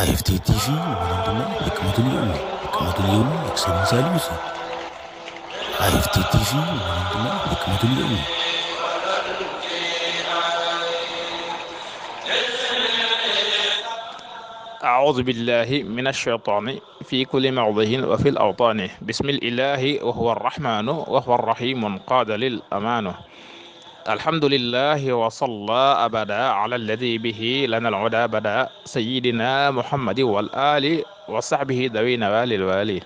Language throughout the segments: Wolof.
አኤፍቴ ቲቪ ምንድን ነው? ህክመቱል ኡም ህክመቱል ኡም እክሰን ሳሊስ አኤፍቴ ቲቪ ምንድን ነው? ህክመቱል ኡም أعوذ بالله من الشيطان في كل موضع وفي الأوطان بسم الإله وهو الرحمن وهو الرحيم قاد للأمان alhamdulillahi wa salla abada ala alladi bihi lana alhuda bada sayidina muhammadi wal ali wa sahbihi dawina walil wali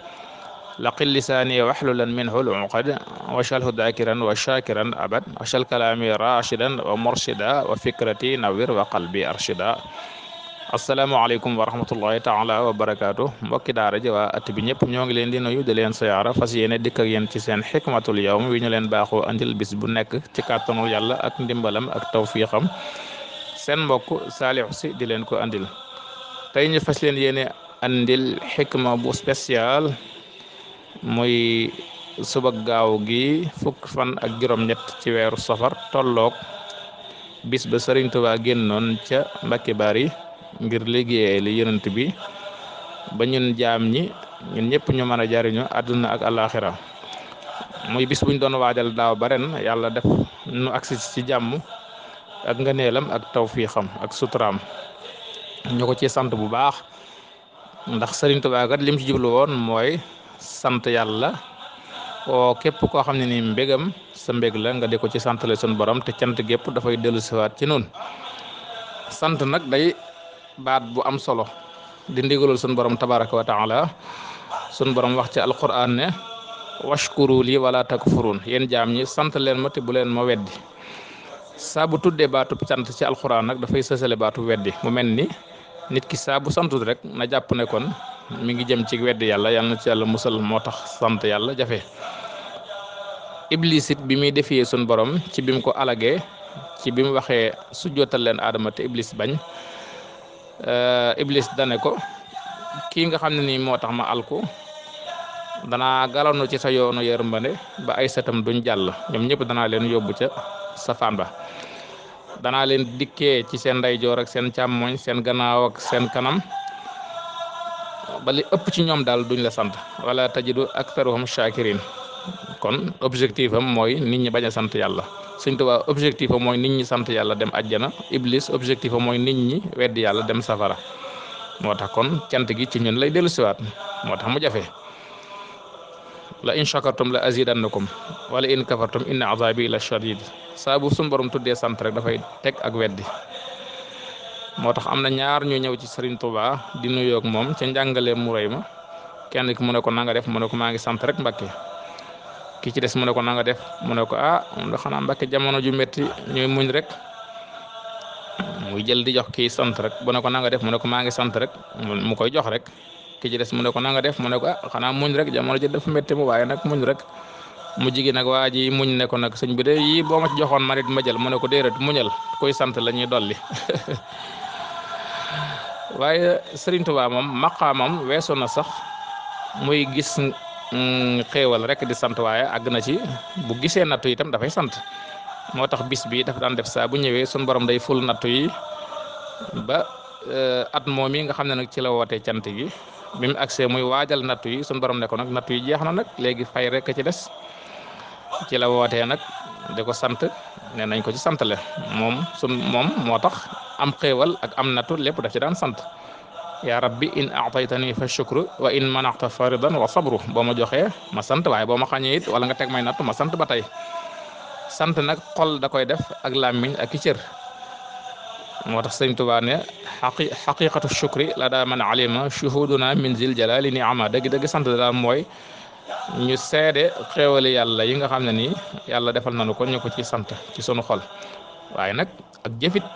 laqil lisaani waxlulan minhu luqad wachalhu dakiran wa shakiran abad wachal kalaami rachidan wa murshida wa fikrati nawir wa qalbi arshida asalaamaaleykum wa rahmatullahi taala wa barakaatu mbokki daara a waa at bi ñëpp ñoo ngi leen di nuyu di leen siyaara fas yéene dikk ak yéen ci seen xikmatul yawm wi ñu leen baaxoo andil bis bu nekk ci kàttanul yàlla ak ndimbalam ak tawfiixam seen mbokk Saliou di leen ko andil tey ñu fas leen yéene andil xikma bu spécial muy suba gaaw gi fukk fan ak juróom-ñett ci weeru safar tollook bis ba Sëriñ Tuubaa noon ca Mbàkke Bari ngir liggéeyee li yonent bi ba ñun jaam ñi ñun ñëpp ñu mën a jariñu àdduna ak alaaxira muy bis buñ doon waajal daaw ba ren yàlla def nu agsi ci jàmm ak ngëneelam ak tawfiixam ak suturaam ñu ko ci sant bu baax ndax Sëriñ Tuubaa kat lim ci jublu woon mooy sant yàlla oo képp koo xam ne ni mbegam sa mbeg la nga di ko ci santale sun borom te cant gépp dafay dellu siwaat ci noonu sant nag day baat bu am solo di ndigalul sun borom tabaraka wa taala sun borom wax ci alquran ne washkuru lii wala takfurun yéen jaam ñi sant leen ma te bu leen ma weddi saa bu tuddee baatu cant ci alquran nag dafay sësale baatu weddi mu mel ni nit ki saa bu santut rek na jàpp ne kon mi ngi jëm ci weddi yàlla yal na ci yàlla musal moo tax sant yàlla jafe iblis bi muy defee sun borom ci bim ko alage ci bi mu waxee sujjootal leen aadama te iblis bañ Euh, Iblis dane ko kii nga xam ne nii moo tax ma alku dana galanu ci sa yoonu yërmande ba ay satam duñ jàll ñoom ñëpp danaa leen yóbbu ca safaan ba danaa leen dikke ci seen ndeyjoor ak seen càmmoñ seen gannaaw ak seen kanam bali ëpp ci ñoom daal duñ la sant wala tajidu aktharuhum shakirin kon objectif am mooy nit ñi bañ sant yàlla Sëñ Tuubaa objectif am mooy nit ñi sant yàlla dem àjjana Iblis objectif am mooy nit ñi weddi yàlla dem safara moo tax kon cant gi ci ñun lay dellusiwaat moo tax mu jafe la in shakartum la azidannakum wala in kafartum inna azabi la shadid saa bu suñu borom tuddee sant rek dafay teg ak weddi moo tax am na ñaar ñoo ñëw ci Sëriñ Tuubaa di nuyoog moom ca njàngaleem mu rëy ma kenn ki mu ne na nga def mu ne ko maa ngi sant rek Mbàkke ki ci des mu ne ko na def mu ne ko ah moom da xanaa jamono ju metti ñuy muñ rek muy jël di jox kii sant rek bu ne ko na def mu ne ko maa ngi sant rek mu koy jox rek ki ci des mu ne ko na def mu ne ko ah muñ rek jamono ji dafa mu waaye nag muñ rek mu jigi nag waa ji muñ ne ko nag sëñ bi de yii boo ma ci joxoon man it ma jël mu ne ko déedéet muñal koy sant la ñuy dolli waaye Sëriñ Tuubaa moom maqaamam weesu na sax muy gis Mm, xewal rek di sant waaye àgg na ci bu gisee nattu yitam dafay sant moo tax bis bi dafa daan def saa bu ñëwee suñu borom day ful nattu yi ba eh, at moom yi nga xam ne nag ci la wootee cant gi bi mu agsee muy waajal nattu yi suñu borom ne ko nag nattu yi jeex na nag léegi fay rek ci des ci la wootee nag di ko sant ne nañ ko ci santale moom sun moom moo tax am xéewal ak am nattu lépp daf ci daan sant yaa rabbi in aataytani fa shukru wa in manaqta faridan wa sabru boo ma joxee ma sant waaye boo ma xañee it wala nga teg may natt ma sant ba tey sant nag xol da koy def ak làmmiñ ak i cër moo tax sëñ Tuubaa ne xaqi xaqiqatu shukri la daa man alima shuhuduna min zil jalali niama dëgg-dëgg sant daal mooy ñu seede xéewali yàlla yi nga xam ne nii yàlla defal nañu ko ñu ko ci sant ci sunu xol waaye nag ak jëfit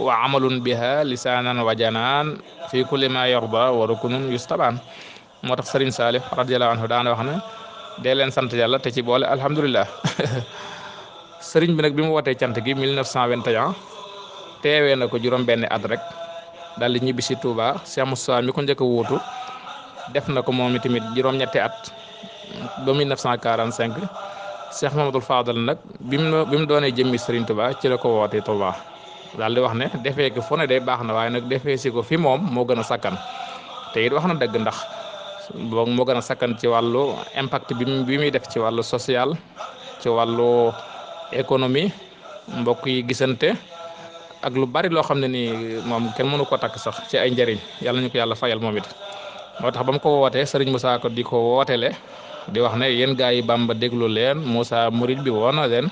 wa amalun biha lisaanan wa janaan fi kulli ma yorba wa rukunun yustabaan moo tax Serigne Salih radiyallahu anhu daana wax ne dee leen sant yàlla te ci boole alhamdulilah Serigne bi nag bi mu wootee cant gi 1921 teewee na ko juróom-benni at rek daal di ñibbi si Touba Cheikh Moussa njëkk a wuutu def na ko moom itamit juróom at ba 1945. Cheikh Mamadou Fadal nag bi mu bi mu doonee jëmmi Serigne Touba ci la ko wootee Touba daal di wax ne defee ko fu ne day baax na waaye nag defee si ko fi moom moo gën a sakkan te it wax na dëgg ndax boo moo gën a sakkan ci wàllu impact bi bi muy def ci wàllu social ci wàllu économie mbokk yi gisante ak lu bari loo xam ne ni moom kenn mënu ko takk sax ci ay njëriñ yàlla ñu ko yàlla fayal moom it. moo tax ba mu ko wootee Serigne Moussa ko di ko wootele di wax ne yéen gaa yi Bamba déglu leen Moussa murid bi woon na leen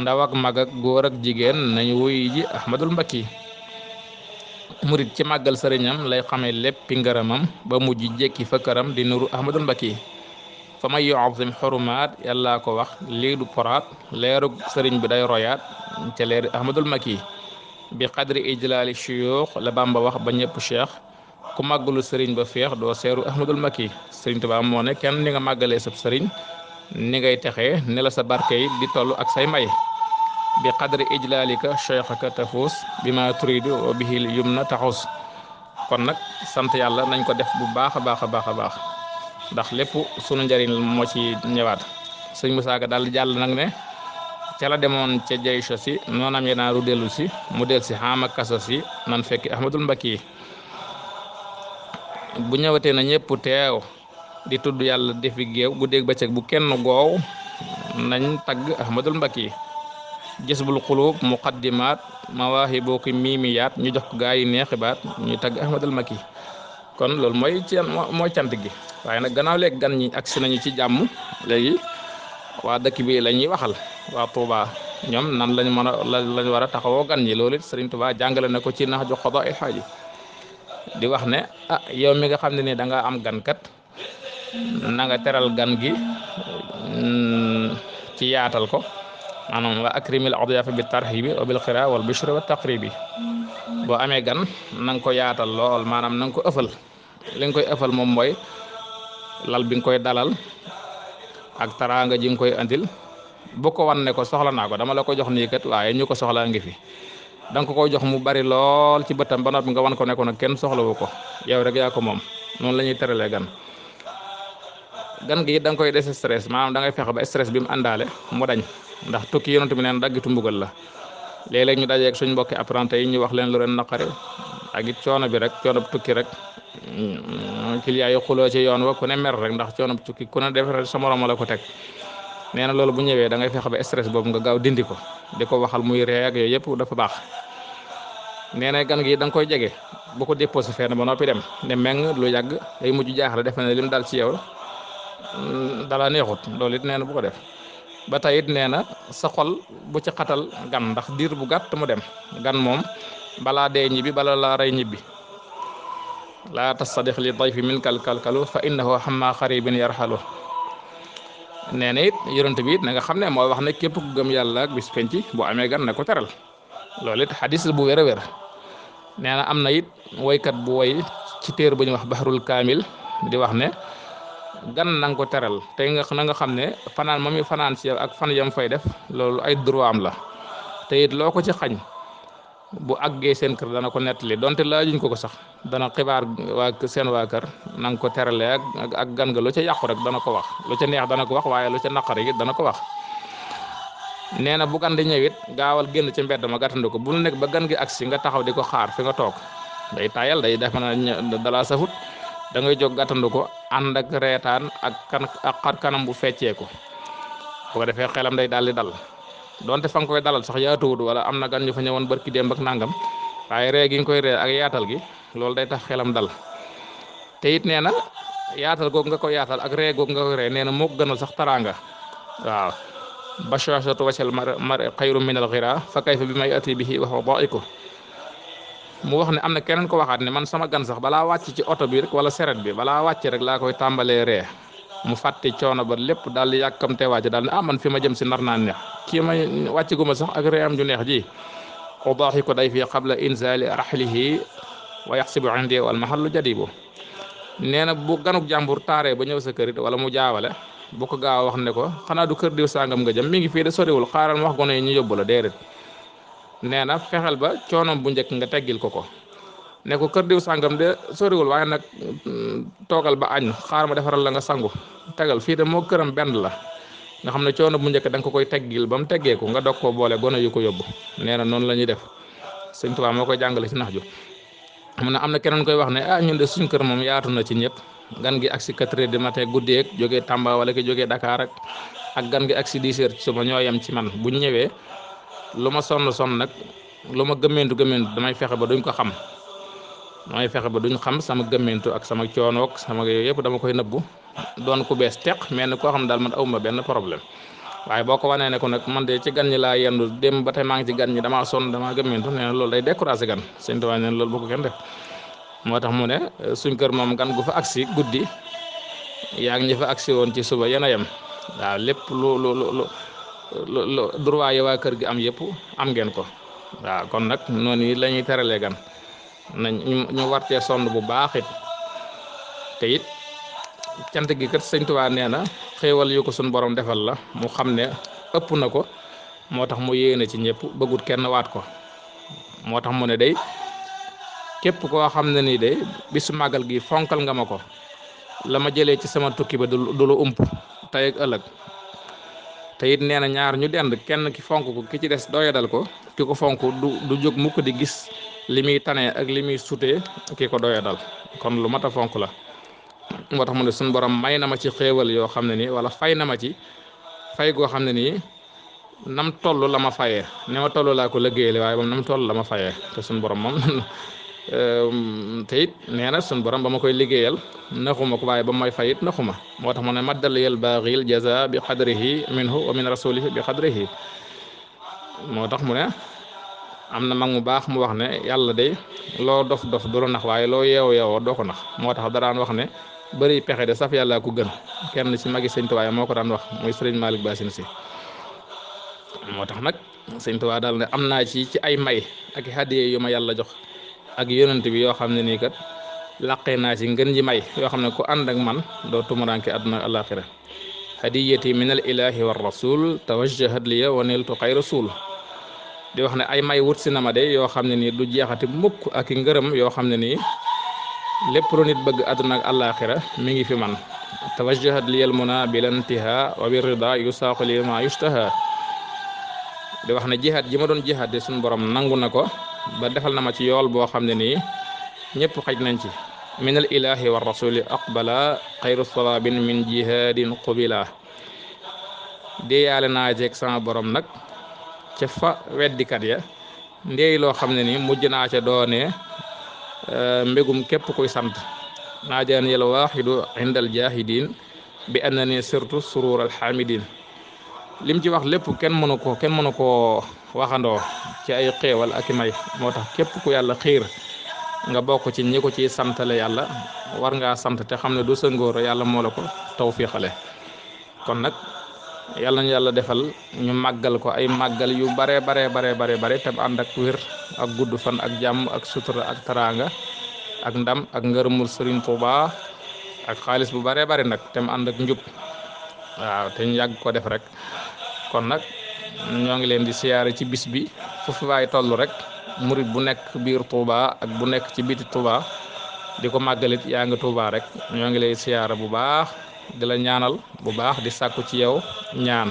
ndaw ak mag góor ak jigéen nañu wuy ji Ahmadul Mbakki murit ci màggal sëriñam lay xamee léppi ngërëmam ba mujj jékki fa këram di nuru Ahmadul mbaki fa may yuazim xurumaat yàllaa ko wax lii du poraat leerug sëriñ bi day royaat ca leeri Ahmadul Mbakki bi qadri ijlaali shuyuux la Bamba wax ba ñëpp cheikh ku màggalu sëriñ ba feex doo seeru ahmadul makki sëriñ Tuubaa moo ne kenn ni nga màggalee sab sëriñ ni ngay texee ne la sa barke yi di toll ak say may bi qadri ijlaalika cheikhaka tafuus bi ma turidu wa bihil yumna taxus kon nag sant yàlla nañ ko def bu baax a baax a baax a baax ndax lépp sunu njariñ moo ci ñëwaat sëñ Musaa Ka daal jàll nag ne ca la demoon ca jay so si noonam yenaa ru si mu del si xaama kaso si nan fekki ahmadul mbakki bu ñëwatee na ñëpp teew di tudd yàlla defi géew guddeeg bëccëg bu kenn goow nañ tagg a ahmadul mbakki jësbul xuluub waxi mawaahibu ki miimiyaat ñu jox ko gaa yi neexi baat ñu tagg ahmadul mbakki kon loolu mooy ci gi waaye nag ganaaw léegi gan ñi agsi nañu ci jàmm léegi waa dëkk bi la ñuy waxal waa Touba ñoom nan lañ mën a lañ war a taxawoo gan ñi loolu it Serigne Touba jàngale na ko ci nax ju xodo ay xaaji di wax ne ah yow mi nga xam ne ni da am gan kat na nga teral gan gi mm, ci yaatal ko maanaam wa akrimil adyafa bi tarhibi wa bil xira wal bushra wa taqribi boo amee gan nang ko yaatal lool maanaam na nga ko ëffal li nga koy ëffal moom mooy lal bi nga koy dalal ak taraanga ji nga koy andil bu ko wan ko soxla naa ko dama la ko jox nii kat waaye ñu ko soxlaa ngi fi da nga ko koy jox mu bari lool ci bëttam ba noppi nga wan ko ne ko nag kenn soxlawu ko yow rek yako moom noonu la ñuy teralee gan gan gi it da koy des stress maanaam da ngay fexe ba stress bi mu àndaale mu dañ ndax tukki yonent bi neen daggitu mbugal la léeg-léeg ñu dajeeg suñ mbokki apprenti yi ñu wax leen lu leen naqari ak it coono bi rek coono tukki rek mm, client yi xuloo ci yoon wa ku ne mer rek ndax coono tukki ku ne defaree sa morom la ko teg. nee na loolu bu ñëwee dangay ngay fexe ba stress boobu nga gaaw dindi ko di ko waxal muy ree ak yooyu yëpp dafa baax na gan gi da nga koy jege bu ko déposé fenn ba noppi dem ne meng lu yàgg day mujj jaaxle defe ne lim daal ci yow mm, dala neexut loolu it nee na bu ko def ba tey it nee na sa bu ci xatal gan ndax diir bu gàtt mu dem gan moom balaa dee ñibbi bala laa rey ñibbi laa tastadix li dayfi min kalkalkalu fa innahu xammaa xaribin yarxalu nee na it yonent bi it na nga xam ne mooy wax ne képp ku gëm yàlla ak bis penc bu gan na ko teral loolu it xadis bu wér a wér nee na am na it woykat bu woy ci téer bu ñuy wax Bahrul Kaamil di wax ne gan na ko teral te nga na nga xam ne fanaan ma muy fanaan si ak fan yam fay def loolu ay droit am la te it loo ko ci xañ bu àggee seen kër dana ko nettali donte laajuñ ko ko sax dana xibaar waa seen waa kër na nga ko terale ak ak gan ga lu ca yàqu rek dana ko wax lu ca neex dana ko wax waaye lu ca naqari it dana ko wax nee na bu gan di ñëw gaawal génn ci mbedd ma gàttandu ko bu nekk ba gan gi agsi nga taxaw di ko xaar fi nga toog day tayal day def na dalaa safut da ngay jóg gàttandu ko ànd ak reetaan ak kan ak xar kanam bu feccee ko bu ko defee xelam day daal di dal donte fa koy dalal sax yaatuwut wala am na gan ñu fa ñëwoon barki démb ak nangam waaye ree gi nga koy ree ak yaatal gi loolu day tax xelam dal te it nee na yaatal googu nga ko yaatal ak ree googu nga ko ree nee na moo ko gënal sax taraanga waaw bashashatu wasal mar xayru minal xira fa kayfa bi may ati bihi wax daiku mu wax ne am na keneen ko waxaat ne man sama gan sax balaa wàcc ci oto bi rek wala seret bi bala wàcc rek laa koy tàmbalee ree mu fàtte coono ba lépp daal di yàkkamtee wàcc daal ne ah fi ma jëm si nar naa neex kii ma wàcc gu ma sax ak am ju neex ji udaaxi ko day fii qabla inzali rahlihi wa yaxsibu indi wal mahallu jadibu nee na bu ganuk jàmbur taaree ba ñëw sa kërit wala mu jaawale bu ko gaaw wax ne ko xanaa du kër diw sàngam nga jëm mi ngi fii de soriwul xaaral ma wax gone yi ñu yóbbu la déedéet nee na fexeel ba coonom bu njëkk nga teggil ko ko ne ko kër diw sàngam de soriwul waaye nag mm, toogal ba añ xaar ma defaral la nga sangu tegal fii de moo këram benn la nga xam ne coono bu njëkk danga ko koy teggil ba mu teggeeku nga dog koo boole gone yu ko yóbbu nee na noonu la ñuy def sëñ Tuubaa moo koy jàngale ci nax ju mu ne am na keneen koy wax ne ah ñun de suñ kër moom yaatu na ci ñëpp gan gi ak si quatre heures du matin guddeeg jógee Tamba wala ki jógee Dakar ak ak gan gi ak si ci suma ñoo yem ci man bu ñëwee lu ma sonn sonn nag lu ma gëmmeentu gëmmeentu damay fexe ba duñ ko xam mooy fexe ba duñ xam sama gëmmentu ak sama coonoog sama yooyu yëpp dama koy nëbbu don ku bees teq mel ni koo xam ne daal man awuma benn problème waaye boo ko wanee ne ko nag man de ci gan ñi laa yendu dem ba tey maa ngi ci gan ñi damaa sonn damaa gëmmentu nee na loolu day découragé gan sëñ Tuubaa nee na loolu bu ko kenn moo tax mu ne suñ kër moom gan gu fa agsi guddi ñi fa agsi woon ci suba yéen a yem waaw lépp lu lu lu lu droit yi waa kër gi am yëpp am ngeen ko waaw kon nag noonu yi la ñuy teralee gan na ñu war cee sonn bu baax it te it cant gi kat sëñ Tuubaa nee na xéewal yu ko sun borom defal la mu xam ne ëpp na ko moo tax mu yéene ci ñépp bëggut kenn waat ko moo tax mu ne day képp koo xam ne nii day bisu màggal gi fonkal nga ma ko la ma jëlee ci sama tukki ba du lu ump tey ëllëg te it nee na ñaar ñu dend kenn ki fonk ko ki ci des doyadal ko ki ko fonk du du jóg mukk di gis li muy tanee ak li muy sutee kii ko doya dal kon lu mat a fonk la moo tax mu ne suñu borom may na ma ci xéewal yoo xam ne nii wala fay na ma ci fay goo xam ne nii nam toll la ma fayee ni ma toll laa ko liggéeyale waaye moom nam toll la ma fayee te suñu borom moom te it nee na suñu borom ba ma koy liggéeyal naxuma ko waaye ba may fay it naxuma moo tax mu ne maddal yel baaxil jaza bi xadrihi minhu wa min rasulihi bi xadrihi moo tax mu ne am na mag mu baax mu wax ne yàlla de loo dof dof du nax waaye loo yeewo yeewoo doo ko nax moo tax daraan wax ne bari pexe de saf yàlla ko gën kenn si magi sëñ Tuubaa moo ko daan wax muy sëriñ Malick Bassine si moo tax nag sëñ Tuubaa daal ne am naa ci ci ay may ak hadiye yu yàlla jox ak yonent bi yoo xam ne nii kat laqee naa ci ngën ji may yoo xam ne ku ànd ak man doo tumuranke àdduna alaaxira hadiyati min al ilaahi war rasul tawajjahat liya wa niltu xayra suul di wax ne ay may wut si na ma de yoo xam ne nii du jeexati mukk ak i ngërëm yoo xam ne nii lépp lu bëgg àdduna ak àllaaxira mi ngi fi man tawajjahat liyal muna bilantiha wa birrida yusaaqu li ma yushtaha di wax ne jihaat ji ma doon jihaat de suñu borom nangu na ko ba defal na ma ci yool boo xam ne nii ñëpp xaj nañ ci min al ilahi wa rasuli aqbala xayru salaabin min jihadin qubila di yaale naa jeeg sama borom nag ca fa weddikat ya ndeey loo xam ne ni mujj naa ca doone eh, mbégum képp kuy sant naajaan yal waaxidu indal jaahidin bi anna ni surtout surur alxamidin lim ci wax lépp kenn mënu ko kenn mënu koo waxandoo ci ay xéewal ak i moo tax képp ku yàlla xiir nga bokk ci ñi ko ciy santale yàlla war ngaa sant te xam ne du sa ngóor yàlla moo la ko tawfiixale kon nag yal nañu yàlla defal ñu màggal ko ay màggal yu bare bare bare bare bare te ànd ak wér ak gudd fan ak jàmm ak sutura ak taraanga ak ndam ak ngërëmul sëriñ Tuuba ak xaalis bu bare bare nag te ànd ak njub waaw te ñu yàgg ko def rek kon nag ñoo ngi leen di siyaare ci bisbi bi fu fi waay toll rek murit bu nekk biir Touba ak bu nekk ci biti tuuba di ko màggalit yaa ngi rek ñoo ngi lay siyaare bu baax di la ñaanal bu baax di sàkku ci yow ñaan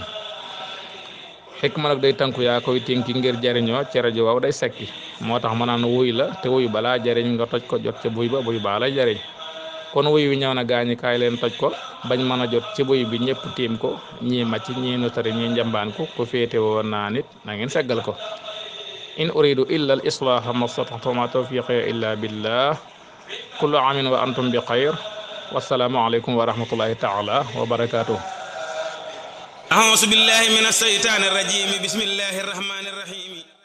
ma nag day tanku yaa koy tinki ngir jariñoo ci rajo waaw day sekki moo tax ma naan wuy la te wuy balaa jariñ nga toj ko jot ci buy ba buy baa lay jariñ kon wuy wi ñëw na gaañi kaay leen toj ko bañ mën a jot ci buy bi ñëpp tiim ko ñii màcc ñii notari ñii njambaan ko ku féete woon naa nit na ngeen seggal ko in uridu illa al islaaha ma stataxtu ma tawfiqi illa billah kullu amin wa antum bi xayr wasalaamualeykum wa rahmatullahi taala wa barakaatuh أعوذ بالله من الشيطان الرجيم بسم الله الرحمن الرحيم